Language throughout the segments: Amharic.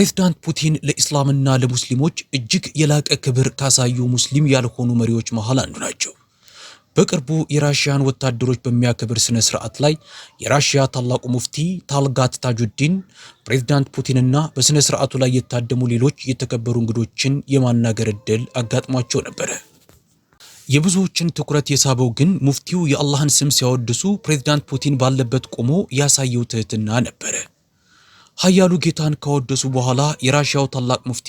ፕሬዚዳንት ፑቲን ለኢስላምና ለሙስሊሞች እጅግ የላቀ ክብር ካሳዩ ሙስሊም ያልሆኑ መሪዎች መሃል አንዱ ናቸው። በቅርቡ የራሽያን ወታደሮች በሚያከብር ስነ ስርዓት ላይ የራሽያ ታላቁ ሙፍቲ ታልጋት ታጁዲን ፕሬዚዳንት ፑቲንና በስነ ስርዓቱ ላይ የታደሙ ሌሎች የተከበሩ እንግዶችን የማናገር ዕድል አጋጥሟቸው ነበረ። የብዙዎችን ትኩረት የሳበው ግን ሙፍቲው የአላህን ስም ሲያወድሱ ፕሬዚዳንት ፑቲን ባለበት ቆሞ ያሳየው ትህትና ነበረ። ሀያሉ ጌታን ካወደሱ በኋላ የራሽያው ታላቅ ሙፍቲ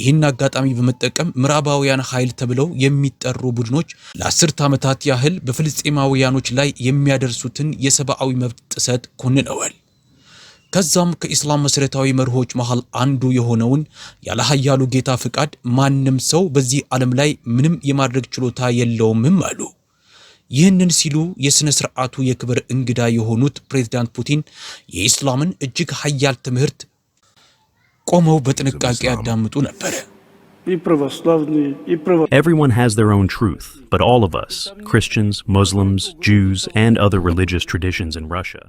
ይህን አጋጣሚ በመጠቀም ምዕራባውያን ኃይል ተብለው የሚጠሩ ቡድኖች ለአስርት ዓመታት ያህል በፍልስጤማውያኖች ላይ የሚያደርሱትን የሰብአዊ መብት ጥሰት ኮንነዋል። ከዛም ከኢስላም መሠረታዊ መርሆች መሃል አንዱ የሆነውን ያለ ሀያሉ ጌታ ፍቃድ ማንም ሰው በዚህ ዓለም ላይ ምንም የማድረግ ችሎታ የለውምም አሉ። ይህንን ሲሉ የሥነ ሥርዓቱ የክብር እንግዳ የሆኑት ፕሬዚዳንት ፑቲን የኢስላምን እጅግ ሀያል ትምህርት ቆመው በጥንቃቄ ያዳምጡ ነበር። Everyone has their own truth, but all of us, Christians, Muslims, Jews, and other religious traditions in Russia.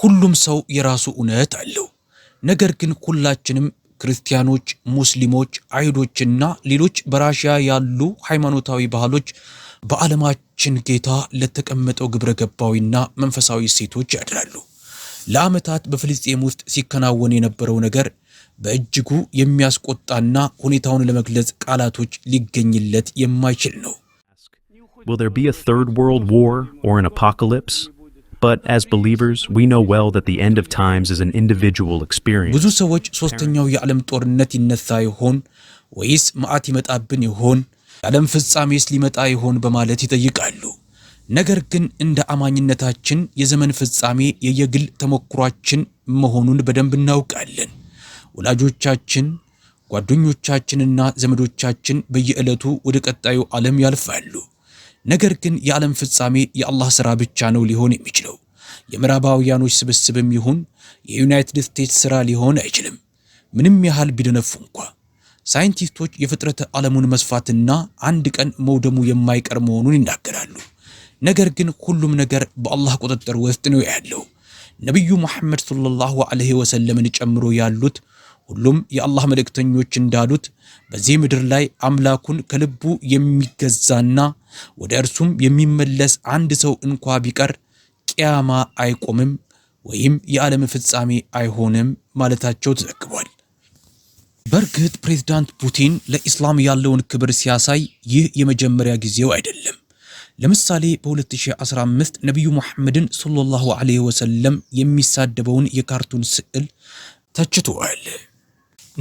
ሁሉም ሰው የራሱ እውነት አለው። ነገር ግን ሁላችንም ክርስቲያኖች፣ ሙስሊሞች፣ አይሁዶችና ሌሎች በራሽያ ያሉ ሃይማኖታዊ ባህሎች በዓለማችን ጌታ ለተቀመጠው ግብረ ገባዊና መንፈሳዊ እሴቶች ያድላሉ። ለዓመታት በፍልስጤም ውስጥ ሲከናወን የነበረው ነገር በእጅጉ የሚያስቆጣና ሁኔታውን ለመግለጽ ቃላቶች ሊገኝለት የማይችል ነው። Will there be a third world war or an apocalypse? But as believers, we know well that the end of times is an individual experience. ብዙ ሰዎች ሶስተኛው የዓለም ጦርነት ይነሳ ይሆን ወይስ መዓት ይመጣብን ይሆን የዓለም ፍጻሜስ ሊመጣ ይሆን በማለት ይጠይቃሉ። ነገር ግን እንደ አማኝነታችን የዘመን ፍጻሜ የየግል ተሞክሯችን መሆኑን በደንብ እናውቃለን። ወላጆቻችን፣ ጓደኞቻችንና ዘመዶቻችን በየዕለቱ ወደ ቀጣዩ ዓለም ያልፋሉ። ነገር ግን የዓለም ፍጻሜ የአላህ ሥራ ብቻ ነው ሊሆን የሚችለው። የምዕራባውያኖች ስብስብም ይሁን የዩናይትድ ስቴትስ ሥራ ሊሆን አይችልም። ምንም ያህል ቢደነፉ እንኳ ሳይንቲስቶች የፍጥረተ ዓለሙን መስፋትና አንድ ቀን መውደሙ የማይቀር መሆኑን ይናገራሉ። ነገር ግን ሁሉም ነገር በአላህ ቁጥጥር ውስጥ ነው ያለው። ነቢዩ መሐመድ ሰለላሁ ዐለይሂ ወሰለምን ጨምሮ ያሉት ሁሉም የአላህ መልእክተኞች እንዳሉት በዚህ ምድር ላይ አምላኩን ከልቡ የሚገዛና ወደ እርሱም የሚመለስ አንድ ሰው እንኳ ቢቀር ቅያማ አይቆምም ወይም የዓለም ፍጻሜ አይሆንም ማለታቸው ተዘግቧል። በእርግጥ ፕሬዝዳንት ፑቲን ለኢስላም ያለውን ክብር ሲያሳይ ይህ የመጀመሪያ ጊዜው አይደለም። ለምሳሌ በ2015 ነቢዩ ሙሐመድን ሰለላሁ ዐለይሂ ወሰለም የሚሳደበውን የካርቱን ስዕል ተችቷል።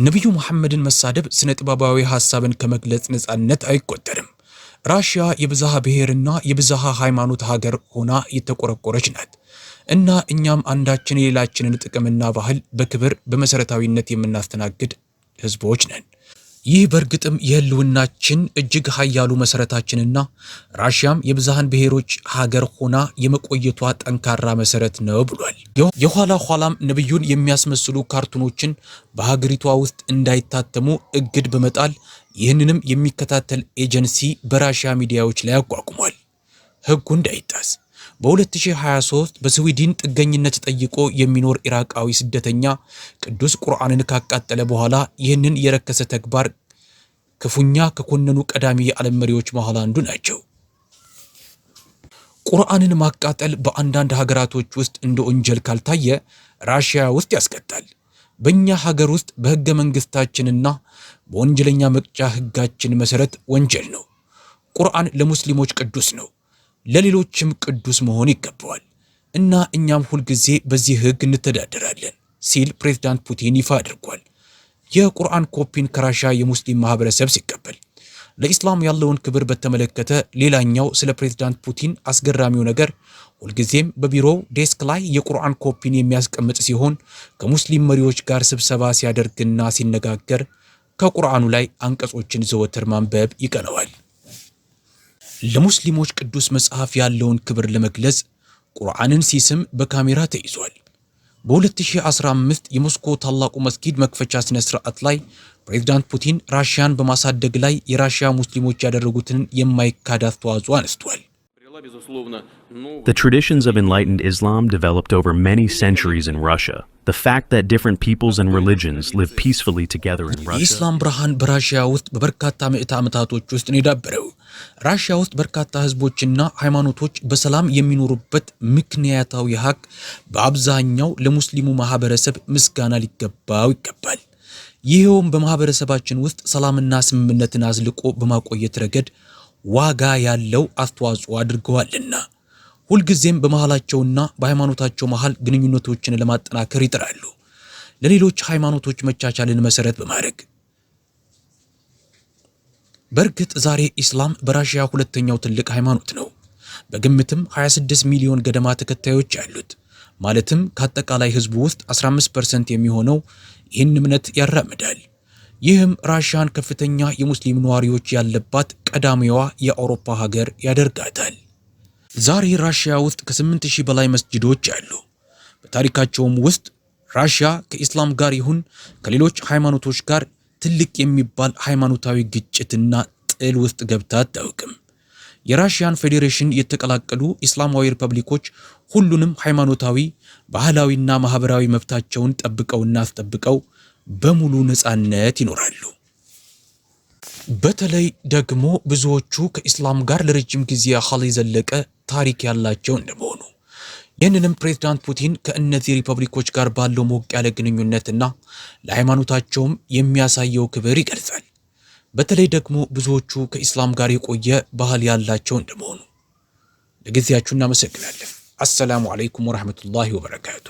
ነቢዩ ሙሐመድን መሳደብ ስነ ጥበባዊ ሐሳብን ከመግለጽ ነፃነት አይቆጠርም። ራሽያ የብዝሃ ብሔርና የብዝሃ ሃይማኖት ሀገር ሆና የተቆረቆረች ናት እና እኛም አንዳችን የሌላችንን ጥቅምና ባህል በክብር በመሰረታዊነት የምናስተናግድ ህዝቦች ነን። ይህ በእርግጥም የህልውናችን እጅግ ኃያሉ ና ራሽያም የብዝሃን ብሔሮች ሀገር ሆና የመቆየቷ ጠንካራ መሰረት ነው ብሏል። የኋላ ኋላም ነቢዩን የሚያስመስሉ ካርቱኖችን በሀገሪቷ ውስጥ እንዳይታተሙ እግድ በመጣል ይህንንም የሚከታተል ኤጀንሲ በራሽያ ሚዲያዎች ላይ አቋቁሟል፣ ህጉ እንዳይጣስ በ2023 በስዊድን ጥገኝነት ጠይቆ የሚኖር ኢራቃዊ ስደተኛ ቅዱስ ቁርአንን ካቃጠለ በኋላ ይህንን የረከሰ ተግባር ክፉኛ ከኮነኑ ቀዳሚ የዓለም መሪዎች መሃል አንዱ ናቸው። ቁርአንን ማቃጠል በአንዳንድ ሀገራቶች ውስጥ እንደ ወንጀል ካልታየ ራሽያ ውስጥ ያስቀጣል። በእኛ ሀገር ውስጥ በሕገ መንግሥታችንና በወንጀለኛ መቅጫ ሕጋችን መሠረት ወንጀል ነው። ቁርአን ለሙስሊሞች ቅዱስ ነው። ለሌሎችም ቅዱስ መሆን ይገባዋል እና እኛም ሁልጊዜ በዚህ ሕግ እንተዳደራለን ሲል ፕሬዝዳንት ፑቲን ይፋ አድርጓል። የቁርአን ኮፒን ከራሻ የሙስሊም ማህበረሰብ ሲቀበል ለኢስላም ያለውን ክብር በተመለከተ ሌላኛው ስለ ፕሬዝዳንት ፑቲን አስገራሚው ነገር ሁልጊዜም በቢሮው ዴስክ ላይ የቁርአን ኮፒን የሚያስቀምጥ ሲሆን ከሙስሊም መሪዎች ጋር ስብሰባ ሲያደርግና ሲነጋገር ከቁርአኑ ላይ አንቀጾችን ዘወትር ማንበብ ይቀነዋል። ለሙስሊሞች ቅዱስ መጽሐፍ ያለውን ክብር ለመግለጽ ቁርአንን ሲስም በካሜራ ተይዟል። በ2015 የሞስኮ ታላቁ መስጊድ መክፈቻ ስነ ስርዓት ላይ ፕሬዚዳንት ፑቲን ራሽያን በማሳደግ ላይ የራሽያ ሙስሊሞች ያደረጉትን የማይካድ አስተዋጽኦ አነስቷል። The traditions of enlightened Islam developed over many centuries in Russia. The fact that different peoples and religions live peacefully together in Russia. የኢስላም ብርሃን በራሽያ ውስጥ በበርካታ ምዕተ ዓመታቶች ውስጥ ነው የዳበረው። ራሽያ ውስጥ በርካታ ህዝቦችና ሃይማኖቶች በሰላም የሚኖሩበት ምክንያታዊ ሀቅ በአብዛኛው ለሙስሊሙ ማህበረሰብ ምስጋና ሊገባው ይገባል። ይኸውም በማህበረሰባችን ውስጥ ሰላምና ስምምነትን አዝልቆ በማቆየት ረገድ ዋጋ ያለው አስተዋጽኦ አድርገዋልና ሁልጊዜም በመሃላቸውና በሃይማኖታቸው መሃል ግንኙነቶችን ለማጠናከር ይጥራሉ። ለሌሎች ሃይማኖቶች መቻቻልን መሰረት በማድረግ በእርግጥ ዛሬ ኢስላም በራሽያ ሁለተኛው ትልቅ ሃይማኖት ነው። በግምትም 26 ሚሊዮን ገደማ ተከታዮች ያሉት ማለትም ከአጠቃላይ ህዝቡ ውስጥ 15 ፐርሰንት የሚሆነው ይህን እምነት ያራምዳል። ይህም ራሽያን ከፍተኛ የሙስሊም ነዋሪዎች ያለባት ቀዳሚዋ የአውሮፓ ሀገር ያደርጋታል። ዛሬ ራሽያ ውስጥ ከ8000 በላይ መስጅዶች አሉ። በታሪካቸውም ውስጥ ራሽያ ከኢስላም ጋር ይሁን ከሌሎች ሃይማኖቶች ጋር ትልቅ የሚባል ሃይማኖታዊ ግጭትና ጥል ውስጥ ገብታ አታውቅም። የራሽያን ፌዴሬሽን የተቀላቀሉ ኢስላማዊ ሪፐብሊኮች ሁሉንም ሃይማኖታዊ፣ ባህላዊና ማህበራዊ መብታቸውን ጠብቀውና አስጠብቀው በሙሉ ነፃነት ይኖራሉ። በተለይ ደግሞ ብዙዎቹ ከኢስላም ጋር ለረጅም ጊዜ ያህል የዘለቀ ታሪክ ያላቸው እንደመሆኑ ይህንንም ፕሬዚዳንት ፑቲን ከእነዚህ ሪፐብሊኮች ጋር ባለው ሞቅ ያለ ግንኙነትና ለሃይማኖታቸውም የሚያሳየው ክብር ይገልጻል። በተለይ ደግሞ ብዙዎቹ ከኢስላም ጋር የቆየ ባህል ያላቸው እንደመሆኑ ለጊዜያችሁ እናመሰግናለን። አሰላሙ አለይኩም ወራህመቱላሂ ወበረካቱ።